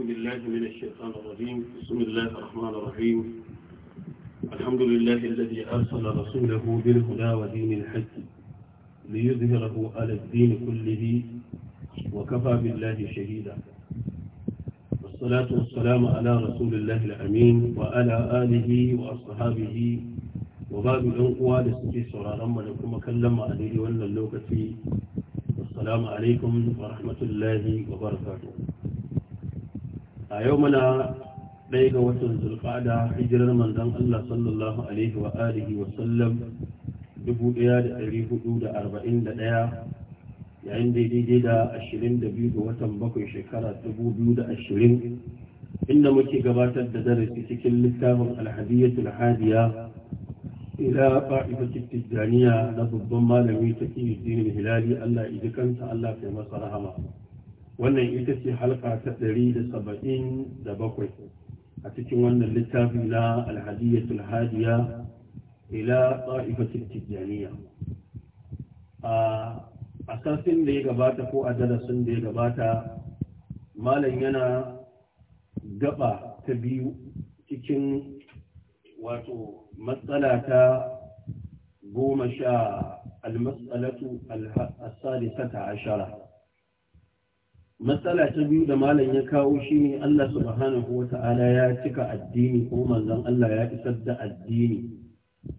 الله من الشيطان الرجيم بسم الله الرحمن الرحيم الحمد لله الذي أرسل رسوله بالهدى ودين الحج ليظهره على الدين كله وكفى بالله شهيدا والصلاة والسلام على رسول الله الأمين وعلى آله وأصحابه وبعد الأنقوى لسكي رمى لكم كلم عليه ولا اللوكة السلام عليكم ورحمة الله وبركاته a yau muna ɗaya ga watan zulfada hijirar manzon Allah sallallahu alaihi wa alihi wa sallam 1441 yayin daidai da 22 ga watan bakwai shekara 2020 inda muke gabatar da darasi cikin littafin alhadiyatul hadiya ila fa'ifatul tijaniya na babban malami ta dinin hilali Allah ya ji Allah kai masa rahama wannan ita ce halka ta ɗari da saba'in da bakwai a cikin wannan littafi na alhadiyatul hadiya ila ta'ifatul tijaniya a asasin da ya gabata ko a darasin da ya gabata malam yana gaba ta biyu cikin wato matsala ta goma sha almas'alatu as-salisata ashara matsala ta biyu da malam ya kawo shi ne Allah subhanahu wa ta'ala ya cika addini ko manzon Allah ya isar da addini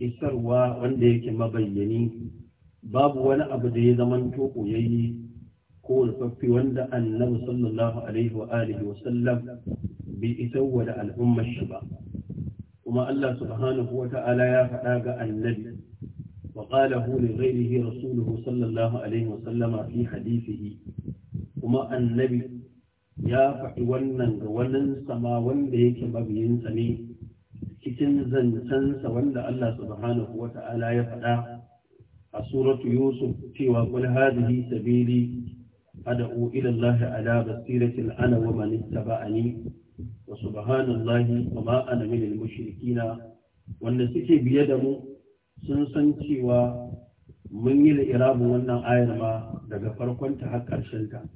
isarwa wanda yake mabayyani babu wani abu da ya zaman to koyayye ko wanda annabi sallallahu alaihi wa alihi wa sallam bai isarwa da al'ummar shi ba kuma Allah subhanahu wa ta'ala ya faɗa ga annabi وقاله لغيره رسوله صلى الله عليه وسلم في حديثه kuma annabi ya faɗi wannan ga wannan sama wanda yake mabiyinsa ne cikin zancensa wanda Allah subhanahu wa ta'ala ya faɗa a suratu Yusuf cewa kul hadhihi sabili ad'u ila Allah ala basiratin ana wa man ittaba'ani wa subhanallahi wa ma ana min al-mushrikina wanda suke biye da mu sun san cewa mun yi da irabun wannan ayar ma daga farkonta har ƙarshenta. ta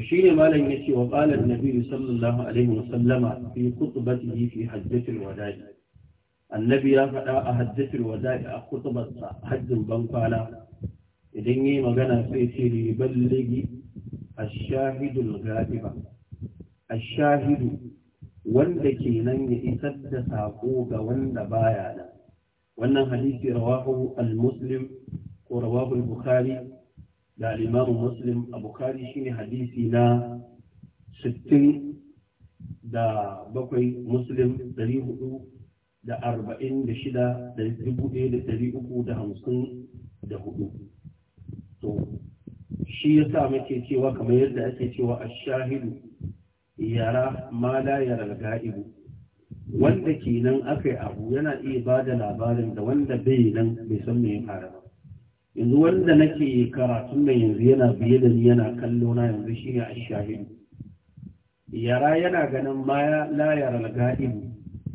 shine malam ya ce wa qala an-nabi sallallahu alaihi wasallama fi khutbatihi fi hajjatil wada'i annabi ya faɗa a hajjatul wada'i a khutbarsa hajjin bankwana idan yi magana sai ce li balligi ash-shahidul ghaiba ash wanda kenan ya isar da sako ga wanda baya nan wannan hadisi rawahu al-muslim ko rawahu bukhari da alimamu muslim a bukari shine hadisi na 60 da bakwai muslim 400 da 46 da 1354 to shi ya sa muke cewa kamar yadda ake cewa a shahidu yara ma la yara ga'ibu wanda kenan aka yi abu yana iya ba da labarin da wanda bai nan bai san me ya fara ba yanzu wanda nake karatun mai yanzu yana biye da ni yana kallo na yanzu shi ne yara yana ganin maya layar alga'ibu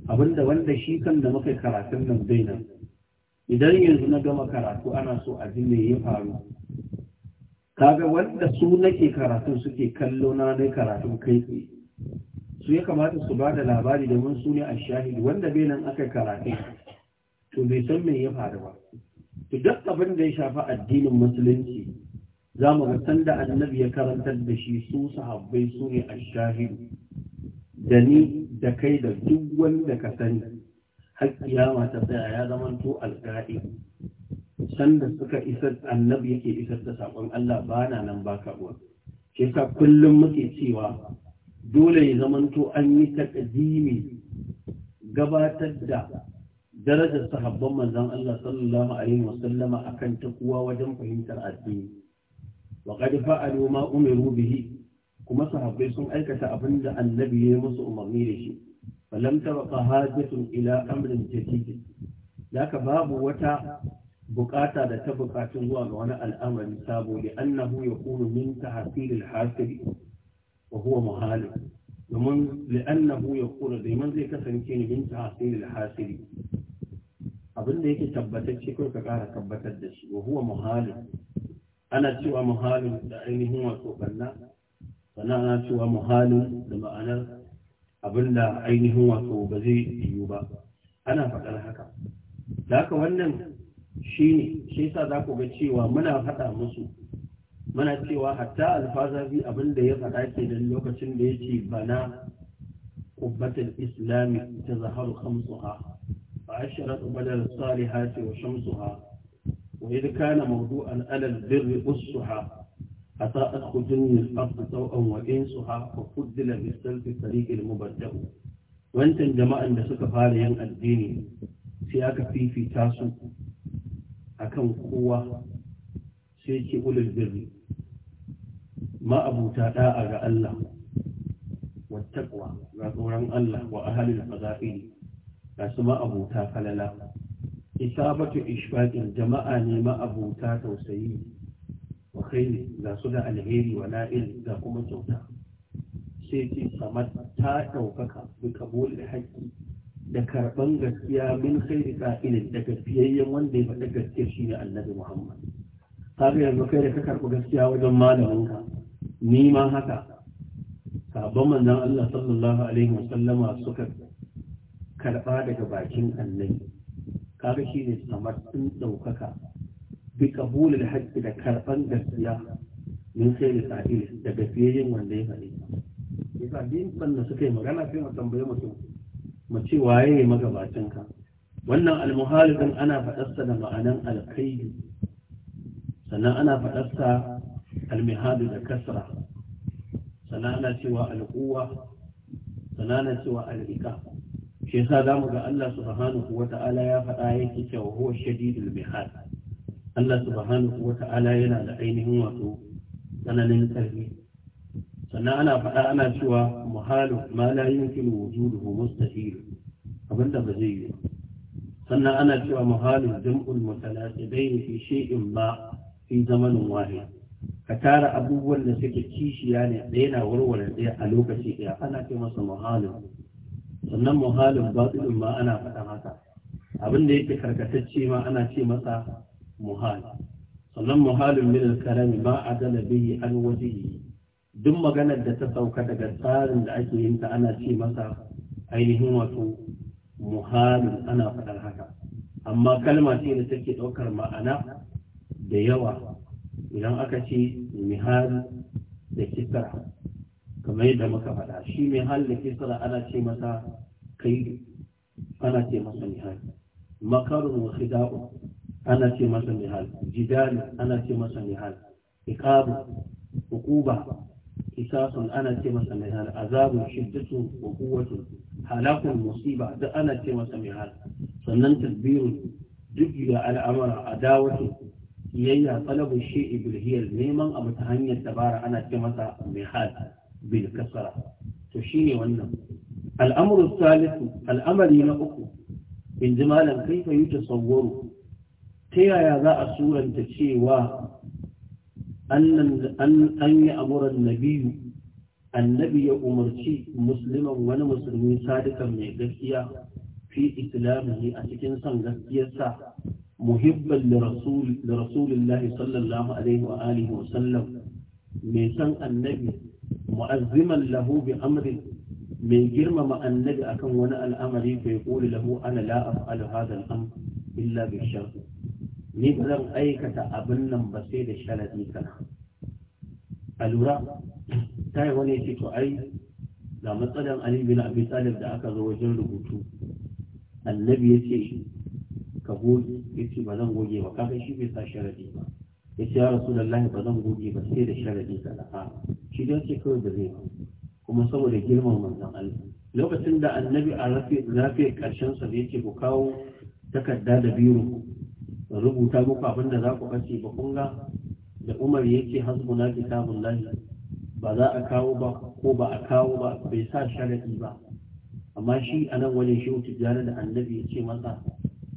abinda wanda shi kan da muka karatun nan zai nan idan yanzu na gama karatu ana so a ji me ya faru kaga wanda su nake karatun suke kallo na ne karatun kai tsaye su ya kamata su ba da labari domin su ne ashahidu wanda bai nan aka karatun to bai san me ya faru ba to duk abin da ya shafi addinin musulunci za mu ga sanda annabi ya karantar da shi su sahabbai su ne ashahidu da ni da kai da duk wanda ka sani har kiyama ta tsaya ya zama to alƙa'i sanda suka isar annabi yake isar da sakon Allah ba na nan ba ka ruwa. shi kullum muke cewa dole ya zama an yi takdimi gabatar da darajar sahabban manzon Allah sallallahu alaihi wasallama akan takuwa wajen fahimtar addini wa qad fa'alu ma umiru bihi kuma sahabbai sun aikata abin da annabi ya musu umarni da shi falam tabqa hajatun ila amrin jadid laka babu wata bukata da ta bukatun zuwa ga wani al'amari sabo da annahu yakunu min tahsil al-hasib wa huwa muhalin domin li'annahu ya kura domin zai kasance ne min tahsil al abin da yake tabbatacce ko ka ƙara tabbatar da shi wa huwa muhalin ana cewa muhalin da ainihin wato banna sannan ana cewa muhalin da ma'anar abin da ainihin wato ba zai yiwu ba ana faɗar haka da haka wannan shi ne shi yasa za ku ga cewa muna faɗa musu muna cewa hatta alfazabi abin da ya faɗa ke dan lokacin da ya ce bana kubbatul islami ta zaharu khamsuha وعشرة بدل الصالحات وشمسها وإذ كان موضوعا على البر أسها أطاءت خجن الأرض طوءا وإنسها وفضل بالسلف الطريق المبدأ وانتن جماعا لسك فاليا الديني سياك في في تاسو أكم قوة سيكي أولي البر ما أبو تاتا أغا الله والتقوى غا الله وأهل الفضائل ga su ma'abuta falala isabatu ishfaqin jama'a ne ma'abuta tausayi wa ne ga su da alheri wa na'il ga kuma kyauta sai ce kamar ta ɗaukaka bi da haƙƙi da karɓan gaskiya min khairi qa'ilin daga fiyayyen wanda ya faɗa gaskiya shine annabi Muhammad kaga yanzu kai da ka karɓi gaskiya wajen malaminka ni ma haka sabon manzon Allah sallallahu alaihi wasallama suka karɓa daga bakin annabi kaga shi ne samar sun ɗaukaka bi kabulul haƙƙi da karɓan gaskiya min sai da sa'il daga yin wanda ya faɗi yasa din wanda suka yi magana sai mu tambaye mutum mu ce waye magabacin ka wannan almuhalifin ana faɗarsa da ma'anan alkaidu sannan ana faɗarsa almihadu da kasra sannan ana cewa alƙuwa sannan ana cewa al'ika. shi yasa za mu ga Allah subhanahu wa ta'ala ya faɗa yake cewa huwa shadidul mihal Allah subhanahu wa ta'ala yana da ainihin wato tsananin ƙarfi sannan ana faɗa ana cewa muhalu ma la yumkinu wujuduhu mustahil da ba zai yi sannan ana cewa muhalu jam'ul mutalasibain fi shay'in ma fi zamanin wahid ka tara abubuwan da suke kishiya ne ɗaya na warware ɗaya a lokaci ɗaya ana ce masa muhalin sannan muhalin batsudin ma ana faɗan haka abin da yake karkatacce ma ana ce masa muhal sannan muhalin min karami ma gana bihi an wajihi duk maganar da ta sauka daga tsarin da ake yin ta ana ce masa ainihin wato muhalin ana faɗar haka amma kalma ce da take ɗaukar ma'ana da yawa idan aka ce mihal da kisra kamar yadda muka faɗa shi mai hallake sara ana ce masa kai ana ce masa nihal makarun wa khida'u ana ce masa nihal jidali ana ce masa nihal iqabu uquba kisasun ana ce masa nihal azabun shiddatu wa quwwatu halakun musiba duk ana ce masa nihal sannan tadbirun duk da al'amara adawatu kiyayya talabun shi'i bilhiyar neman abu ta hanyar dabara ana ce masa mihal Bilkasara, to shi ne wannan al'amru salisu al'amari na uku in ji malam kaifa yi tasawwaru ta yaya za a suranta cewa an yi amuran nabiyu annabi ya umarci musulman wani musulmi sadikan mai gaskiya fi islamihi a cikin son gaskiyarsa muhibban da rasulillahi sallallahu alaihi wa alihi wa sallam mai san annabi mu'azziman Lahubi amri mai girmama annabi akan wani al'amari fa yaqulu lahu ana la af'alu hadha al illa bi shar ni zan aikata abin nan ba sai da sharadi kana alura sai wani ce to ai da matsalan Ali bin Abi da aka zo wajen rubutu annabi yace ka goge yace ba zan goge ba kaga shi bai sa ba ya rasulullahi ba zan goge ba sai da shi don ce kawai da zai kuma saboda girman manzan Allah lokacin da annabi a rafe karshen sa yake ce ku kawo takarda da biro rubuta muku abin da za ku kace ba kun ga da Umar yake hasbuna kitabullahi ba za a kawo ba ko ba a kawo ba bai sa sharadi ba amma shi anan nan wajen shi da annabi ya ce masa